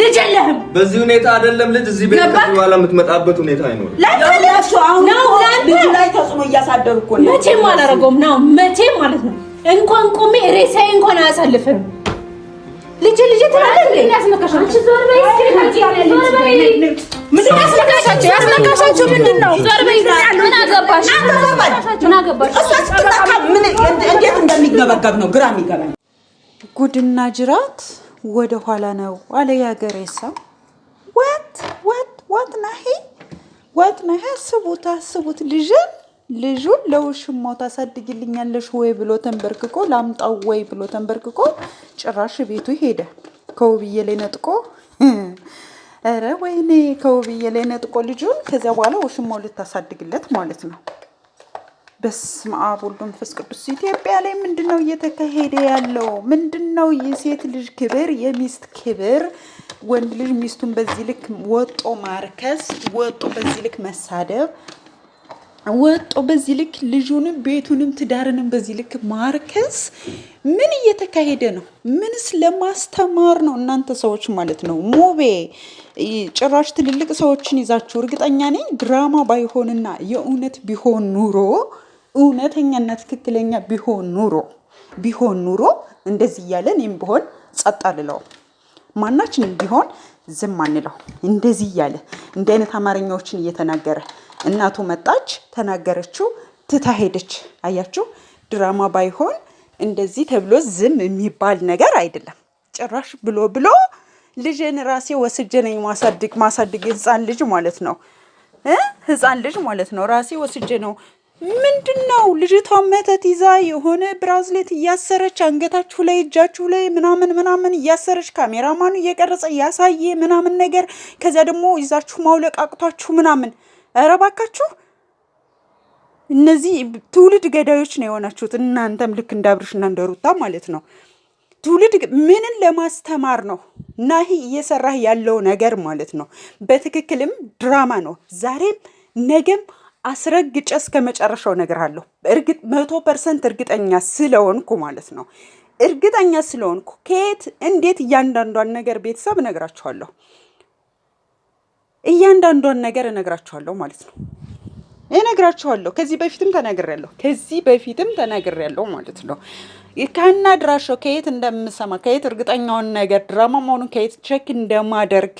ልጅ የለህም። በዚህ ሁኔታ አይደለም ልጅ እዚህ ቤት ከዚህ በኋላ የምትመጣበት ሁኔታ አይኖርም። ላይ ተጽዕኖ እያሳደሩ እኮ ነው። መቼም አላደረገውም ነው መቼም ማለት ነው። እንኳን ቆሜ ሬሳዬ እንኳን አያሳልፍም። ልጅ ልጅ ትላለህ። ምን እንደሚገበገብ ነው ግራ የሚገባኝ ጉድና ጅራት ወደ ኋላ ነው አለ የሀገሬ ሰው። ወት ወት ወት ናሂ ወት ናሂ አስቡት አስቡት ልጅን ልጁን ለውሽማው ታሳድግልኛለሽ ወይ ብሎ ተንበርክኮ ላምጣው ወይ ብሎ ተንበርክኮ ጭራሽ ቤቱ ሄደ። ከውብዬ ላይ ነጥቆ ኧረ ወይኔ ከውብዬ ላይ ነጥቆ ልጁን ከዚያ በኋላ ውሽማው ልታሳድግለት ማለት ነው። በስመ አብ ወወልድ ወመንፈስ ቅዱስ። ኢትዮጵያ ላይ ምንድን ነው እየተካሄደ ያለው? ምንድን ነው የሴት ልጅ ክብር፣ የሚስት ክብር? ወንድ ልጅ ሚስቱን በዚህ ልክ ወጦ ማርከስ፣ ወጦ በዚህ ልክ መሳደብ፣ ወጦ በዚህ ልክ ልጁንም ቤቱንም ትዳርንም በዚህ ልክ ማርከስ። ምን እየተካሄደ ነው? ምንስ ለማስተማር ነው? እናንተ ሰዎች ማለት ነው። ሙቤ ጭራሽ ትልልቅ ሰዎችን ይዛችሁ እርግጠኛ ነኝ ድራማ ባይሆንና የእውነት ቢሆን ኑሮ እውነተኛና ትክክለኛ ቢሆን ኑሮ ቢሆን ኑሮ እንደዚህ እያለ እኔም ቢሆን ጸጥ አልለው ማናችንም ቢሆን ዝም አንለው። እንደዚህ እያለ እንዲህ አይነት አማርኛዎችን እየተናገረ እናቱ መጣች፣ ተናገረችው፣ ትታ ሄደች። አያችሁ ድራማ ባይሆን እንደዚህ ተብሎ ዝም የሚባል ነገር አይደለም። ጭራሽ ብሎ ብሎ ልጅን ራሴ ወስጄ ነኝ ማሳድግ ማሳድግ ህፃን ልጅ ማለት ነው ህፃን ልጅ ማለት ነው ራሴ ወስጄ ነው ምንድን ነው ልጅቷ መተት ይዛ የሆነ ብራዝሌት እያሰረች አንገታችሁ ላይ እጃችሁ ላይ ምናምን ምናምን እያሰረች ካሜራማኑ እየቀረጸ እያሳየ ምናምን ነገር ከዚያ ደግሞ ይዛችሁ ማውለቅ አቅቷችሁ ምናምን ኧረ እባካችሁ እነዚህ ትውልድ ገዳዮች ነው የሆናችሁት እናንተም ልክ እንዳብርሽና እንደሩታ ማለት ነው ትውልድ ምንን ለማስተማር ነው ናሂ እየሰራህ ያለው ነገር ማለት ነው በትክክልም ድራማ ነው ዛሬም ነገም አስረግጬ እስከ መጨረሻው እነግርሃለሁ። እርግጥ መቶ ፐርሰንት እርግጠኛ ስለሆንኩ ማለት ነው። እርግጠኛ ስለሆንኩ ከየት እንዴት እያንዳንዷን ነገር ቤተሰብ እነግራችኋለሁ። እያንዳንዷን ነገር እነግራችኋለሁ ማለት ነው። እነግራችኋለሁ። ከዚህ በፊትም ተናግሬያለሁ። ከዚህ በፊትም ተናግሬያለሁ ማለት ነው። ከና ድራሻው ከየት እንደምሰማ ከየት እርግጠኛውን ነገር ድራማ መሆኑን ከየት ቼክ እንደማደርግ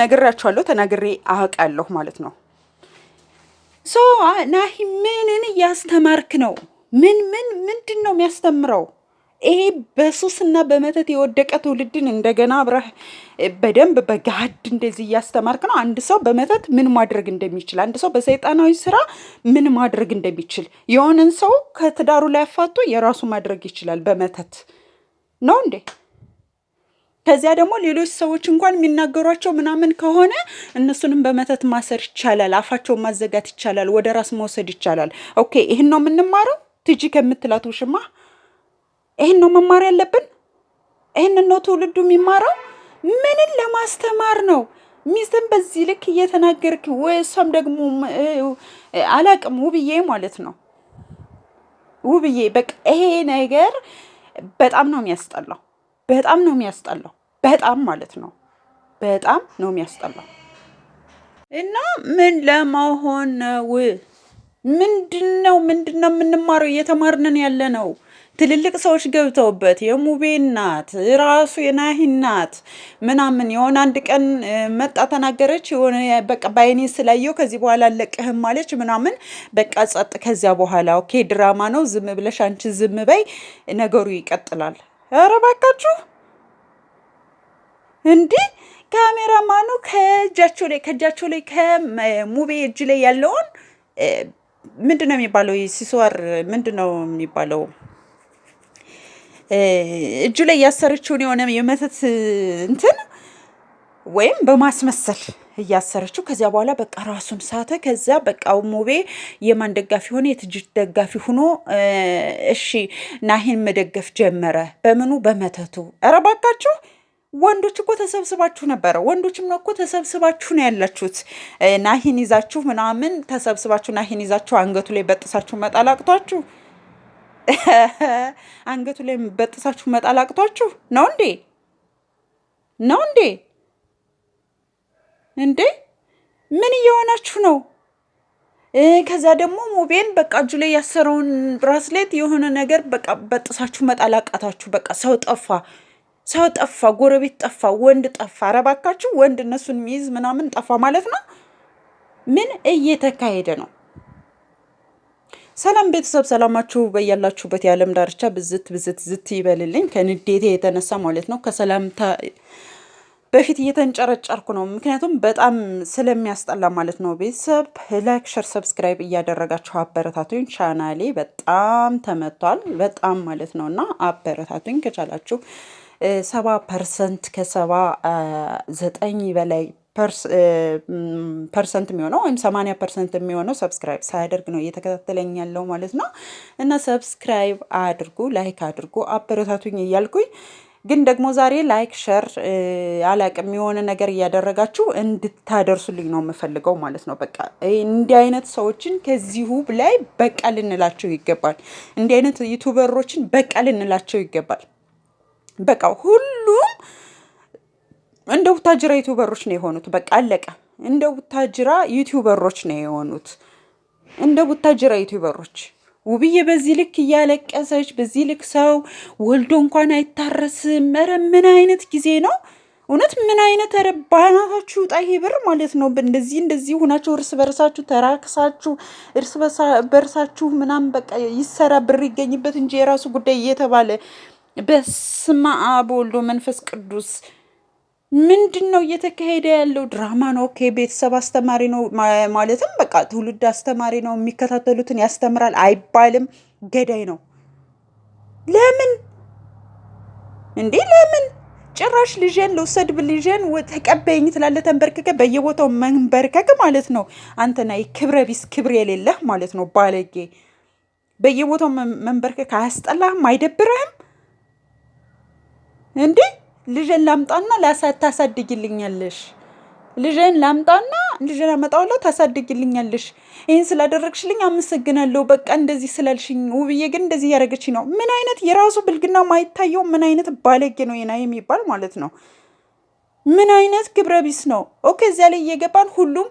ነግራችኋለሁ፣ ተናግሬ አውቃለሁ ማለት ነው። ሶ ናሂ ምንን እያስተማርክ ነው? ምን ምን ምንድን ነው የሚያስተምረው? ይሄ እና በመተት የወደቀ ትውልድን እንደገና አብረህ በደንብ በጋድ እንደዚህ እያስተማርክ ነው። አንድ ሰው በመተት ምን ማድረግ እንደሚችል፣ አንድ ሰው በሰይጣናዊ ስራ ምን ማድረግ እንደሚችል፣ የሆነን ሰው ከትዳሩ ላይ አፋቶ የራሱ ማድረግ ይችላል በመተት ነው እንዴ? ከዚያ ደግሞ ሌሎች ሰዎች እንኳን የሚናገሯቸው ምናምን ከሆነ እነሱንም በመተት ማሰር ይቻላል። አፋቸውን ማዘጋት ይቻላል። ወደ ራስ መውሰድ ይቻላል። ኦኬ፣ ይህን ነው የምንማረው ትጂ ከምትላት ውሽማ ይህን ነው መማር ያለብን። ይህን ነው ትውልዱ የሚማረው። ምንን ለማስተማር ነው? ሚስትን በዚህ ልክ እየተናገርክ ወይ እሷም ደግሞ አላቅም። ውብዬ ማለት ነው ውብዬ፣ በቃ ይሄ ነገር በጣም ነው የሚያስጠላው። በጣም ነው የሚያስጠላው። በጣም ማለት ነው። በጣም ነው የሚያስጠላው። እና ምን ለመሆን ነው? ምንድን ነው ምንድን ነው የምንማረው? እየተማርንን ያለ ነው። ትልልቅ ሰዎች ገብተውበት የሙቤ እናት ራሱ የናሂ እናት ምናምን የሆነ አንድ ቀን መጣ ተናገረች። የሆነ በቃ በአይኔ ስላየው ከዚህ በኋላ አለቅህም ማለች ምናምን በቃ ጸጥ። ከዚያ በኋላ ኦኬ ድራማ ነው ዝም ብለሽ አንቺ ዝም በይ፣ ነገሩ ይቀጥላል። ኧረ እባካችሁ እንዲህ ካሜራማኑ ከእጃቸው ላይ ከእጃቸው ላይ ከሙቤ እጅ ላይ ያለውን ምንድን ነው የሚባለው? ሲስዋር ምንድን ነው የሚባለው? እጁ ላይ ያሰረችውን የሆነ የመተት እንትን ወይም በማስመሰል እያሰረችው ከዚያ በኋላ በቃ ራሱን ሳተ። ከዛ በቃ ሙቤ የማን ደጋፊ ሆነ? የትጅት ደጋፊ ሆኖ እሺ ናሂን መደገፍ ጀመረ። በምኑ በመተቱ ኧረ እባካችሁ ወንዶች እኮ ተሰብስባችሁ ነበረ። ወንዶችም ነው እኮ ተሰብስባችሁ ነው ያላችሁት። ናሂን ይዛችሁ ምናምን ተሰብስባችሁ ናሂን ይዛችሁ አንገቱ ላይ በጥሳችሁ መጣላቅቷችሁ አንገቱ ላይ በጥሳችሁ መጣላቅቷችሁ ነው እንዴ? ነው እንዴ? እንዴ ምን እየሆናችሁ ነው? ከዛ ደግሞ ሙቤን በቃ እጁ ላይ ያሰረውን ብራስሌት የሆነ ነገር በቃ በጥሳችሁ መጣላቃታችሁ በቃ ሰው ጠፋ። ሰው ጠፋ፣ ጎረቤት ጠፋ፣ ወንድ ጠፋ። ረባካችሁ ወንድ እነሱን የሚይዝ ምናምን ጠፋ ማለት ነው። ምን እየተካሄደ ነው? ሰላም ቤተሰብ፣ ሰላማችሁ በያላችሁበት የዓለም ዳርቻ ብዝት ብዝት ዝት ይበልልኝ። ከንዴቴ የተነሳ ማለት ነው ከሰላምታ በፊት እየተንጨረጨርኩ ነው፣ ምክንያቱም በጣም ስለሚያስጠላ ማለት ነው። ቤተሰብ ላይክ፣ ሸር፣ ሰብስክራይብ እያደረጋችሁ አበረታቱኝ። ቻናሌ በጣም ተመቷል፣ በጣም ማለት ነው እና አበረታቱኝ ከቻላችሁ ሰባ ፐርሰንት ከሰባ ዘጠኝ በላይ ፐርሰንት የሚሆነው ወይም ሰማንያ ፐርሰንት የሚሆነው ሰብስክራይብ ሳያደርግ ነው እየተከታተለኝ ያለው ማለት ነው። እና ሰብስክራይብ አድርጉ፣ ላይክ አድርጉ፣ አበረታቱኝ እያልኩኝ ግን ደግሞ ዛሬ ላይክ ሸር አላቅም የሆነ ነገር እያደረጋችሁ እንድታደርሱልኝ ነው የምፈልገው ማለት ነው። በቃ እንዲህ አይነት ሰዎችን ከዚሁ ላይ በቃ ልንላቸው ይገባል። እንዲህ አይነት ዩቱበሮችን በቃ ልንላቸው ይገባል። በቃ ሁሉም እንደ ቡታጅራ ዩቲዩበሮች ነው የሆኑት። በቃ አለቀ። እንደ ቡታጅራ ዩቲዩበሮች ነው የሆኑት። እንደ ቡታጅራ ዩቲዩበሮች ውብዬ በዚህ ልክ እያለቀሰች በዚህ ልክ ሰው ወልዶ እንኳን አይታረስም። ኧረ ምን አይነት ጊዜ ነው እውነት? ምን አይነት ኧረ ባናታችሁ ውጣ ብር ማለት ነው። እንደዚህ እንደዚህ ሆናችሁ እርስ በርሳችሁ ተራክሳችሁ እርስ በርሳችሁ ምናምን በቃ ይሰራ ብር ይገኝበት እንጂ የራሱ ጉዳይ እየተባለ በስመ አብ መንፈስ ቅዱስ ምንድን ነው እየተካሄደ ያለው ድራማ ነው። ኦኬ ቤተሰብ አስተማሪ ነው ማለትም በቃ ትውልድ አስተማሪ ነው፣ የሚከታተሉትን ያስተምራል አይባልም። ገዳይ ነው። ለምን እንዴ? ለምን ጭራሽ ልጄን ልውሰድ ልጄን ተቀበይኝ ትላለህ። ተንበርክከ በየቦታው መንበርከክ ማለት ነው። ናይ ክብረ ቢስ ክብር የሌለህ ማለት ነው። ባለጌ በየቦታው መንበርከክ አያስጠላህም? አይደብረህም? እንዴ ልጄን ላምጣና ታሳድግልኛለሽ፣ ልጄን ላምጣና ልጄን አመጣውላ ታሳድግልኛለሽ፣ ይህን ስላደረግሽልኝ አመሰግናለሁ፣ በቃ እንደዚህ ስላልሽኝ። ውብዬ ግን እንደዚህ እያደረገች ነው። ምን አይነት የራሱ ብልግና ማይታየው ምን አይነት ባለጌ ነው የና የሚባል ማለት ነው። ምን አይነት ግብረ ቢስ ነው። ኦኬ እዚያ ላይ እየገባን ሁሉም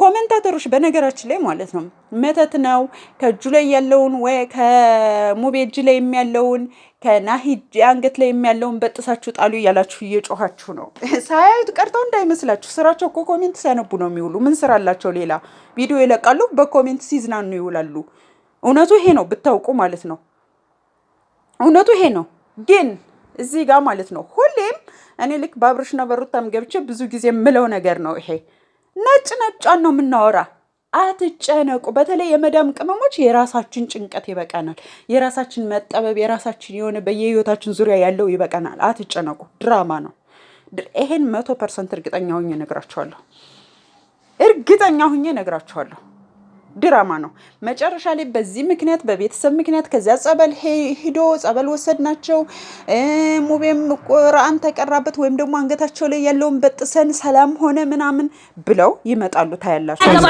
ኮሜንታተሮች በነገራችን ላይ ማለት ነው መተት ነው ከእጁ ላይ ያለውን ወይ ከሙቤ እጅ ላይ የሚያለውን ከናሂ አንገት ላይ የሚያለውን በጥሳችሁ ጣሉ እያላችሁ እየጮኋችሁ ነው። ሳያዩት ቀርተው እንዳይመስላችሁ። ስራቸው እኮ ኮሜንት ሲያነቡ ነው የሚውሉ። ምን ስራ አላቸው ሌላ? ቪዲዮ ይለቃሉ፣ በኮሜንት ሲዝናኑ ይውላሉ። እውነቱ ይሄ ነው ብታውቁ ማለት ነው። እውነቱ ይሄ ነው ግን እዚህ ጋር ማለት ነው ሁሌም እኔ ልክ በአብርሽና በሩታም ገብቼ ብዙ ጊዜ የምለው ነገር ነው ይሄ ነጭ ነጫን ነው የምናወራ። አትጨነቁ። በተለይ የመዳም ቅመሞች የራሳችን ጭንቀት ይበቃናል። የራሳችን መጠበብ፣ የራሳችን የሆነ በየህይወታችን ዙሪያ ያለው ይበቃናል። አትጨነቁ። ድራማ ነው። ይሄን መቶ ፐርሰንት እርግጠኛ ሁኜ ነግራችኋለሁ። እርግጠኛ ሁኜ ነግራችኋለሁ። ድራማ ነው። መጨረሻ ላይ በዚህ ምክንያት በቤተሰብ ምክንያት ከዚያ ጸበል ሂዶ ጸበል ወሰድ ናቸው። ሙቤም ቁርአን ተቀራበት ወይም ደግሞ አንገታቸው ላይ ያለውን በጥሰን ሰላም ሆነ ምናምን ብለው ይመጣሉ። ታያላቸው። ሰላም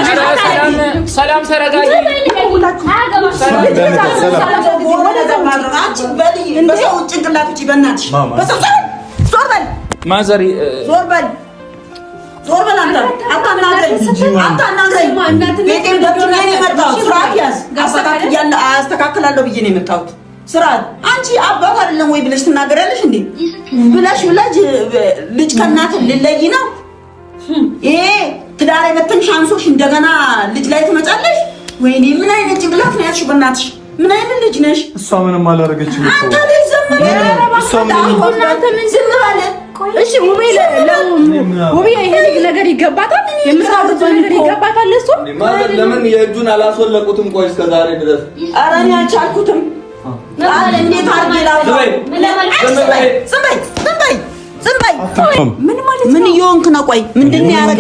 ማዘር ዞር በል ዞር በል አንተ። አታናግረኝ አታናግረኝ። ቤቴን በጥሜ ነው የመጣሁት። ስርዓት ያዝ። አስተካክላለሁ ብዬ ነው የመጣሁት። ስርዓት አንቺ አባት አይደለም ወይ ብለሽ ትናገሪያለሽ እንዴ? ብለሽ ብለሽ ልጅ ከእናት ልለይ ነው ይሄ ትዳር የበትን ሻንሶሽ እንደገና ልጅ ላይ ትመጫለሽ። ወይኔ ምን አይነት ጭንቅላት ነው ያልሽው? በእናትሽ ምን አይነት ልጅ ነሽ? እሷ ምንም አላደረገችም። አንተ ልጅ ዝም ብለህ ምን ዝም ብለህ እሺ ውቤ ለውቤ ነገር ይገባታል፣ የምታደርገው ነገር ይገባታል። ለሱ ለምን የእጁን አላስወለቁትም? ቆይ እስከ ዛሬ ድረስ ኧረ እኔ አልቻልኩትም። እንዴት አድርጌ ላውጣው? ምን ማለት ነው? ምን እየሆንክ ነው? ቆይ ምንድን ነው ያደረገው?